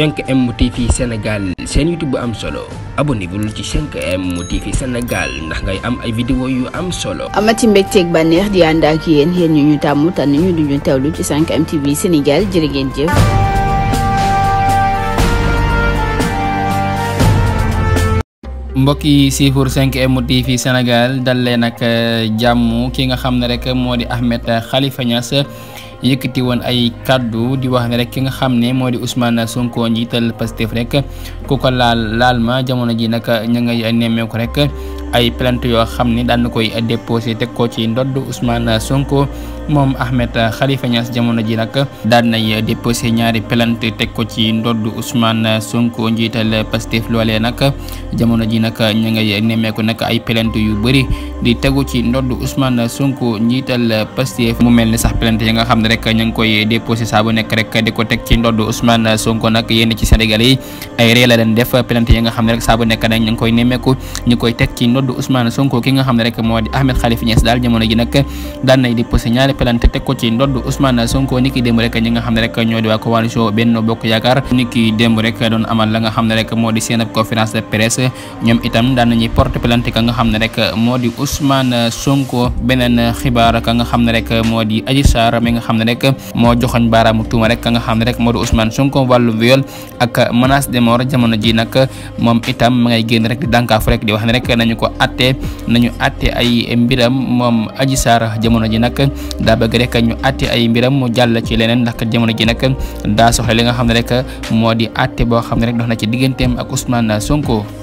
5M TV seen YouTube bu am solo abonné bul ci 5M TV Sénégal ndax ngay am ay vidéo yu am solo. amati mbégteeg bànneex di ànd ak yéen yen ñu ñu tàmm tànn ñu duñu teewlu ci 5M TV Sénégal jërë ngeen jëf. mbokk yi siifur cinq m TV Sénégal dalee leen ak euh, jàmm ki nga xam ne rek moo di Ahmed xalifa Niass. yëkkati woon ay kaddu di wax ne rek ki nga xam ne moo di Ousmane Sonko njiital Pastef rek ku ko laal laal ma jamono ji nag ña nga nemmeeku rek ay plainte yoo xam ne daal na koy déposé teg ko ci ndodd Ousmane Sonko. moom Ahmed Khalifa Niass jamono ji nag daal nay déposé ñaari pelant teg ko ci ndodd Ousmane Sonko njiital Pastef loolee nag jamono ji nag ñu ngay nemmeeku nag ay plainte yu bëri di tegu ci ndodd Ousmane Sonko njiital Pastef mu mel ni sax plainte yi nga xam ne rek ñu ngi koy déposé saa bu nekk rek di ko teg ci ndodd Ousmane Sonko nag yenn ci Sénégal yi ay ree leen def plainte yi nga xam ne rek saa bu nekk nag ñu ngi koy nemmeeku ñu koy teg ci ndodd Ousmane Sonko ki nga xam ne rek moo di Ahmed Khalifa Niass daal jamono ji nag daan nay déposé ñaari pelante teg ko ci ndodd Ousmane Sonko ni ki rek ñi nga xam ne rek ñoo di waa coalition Benno Bokk Yaakaar ni ki démb rek doon amal la nga xam ne rek moo di seen ab conférence de ka nga xam ne rek moo di Ousmane Sonko beneen nga xam ne rek moo di Adji Sarr mi nga xam ne rek moo joxoñ baaraamu tuuma rek ka nga xam ne rek moo di Ousmane Sonko ak menace de mort jamono ji nag moom itam ma ngay génn rek di dànkaafu rek di wax na rek nañu ko atte nañu atte ay mbiram moom Adji Sarr jamono ji nag daa bëgg rek ñu àtte ay mbiram mu jàll ci leneen ndax jamono ji nag daa soxla li nga xam ne rek moo di àtte boo xam ne rek dox na ci digganteem ak Ousmane Sonko.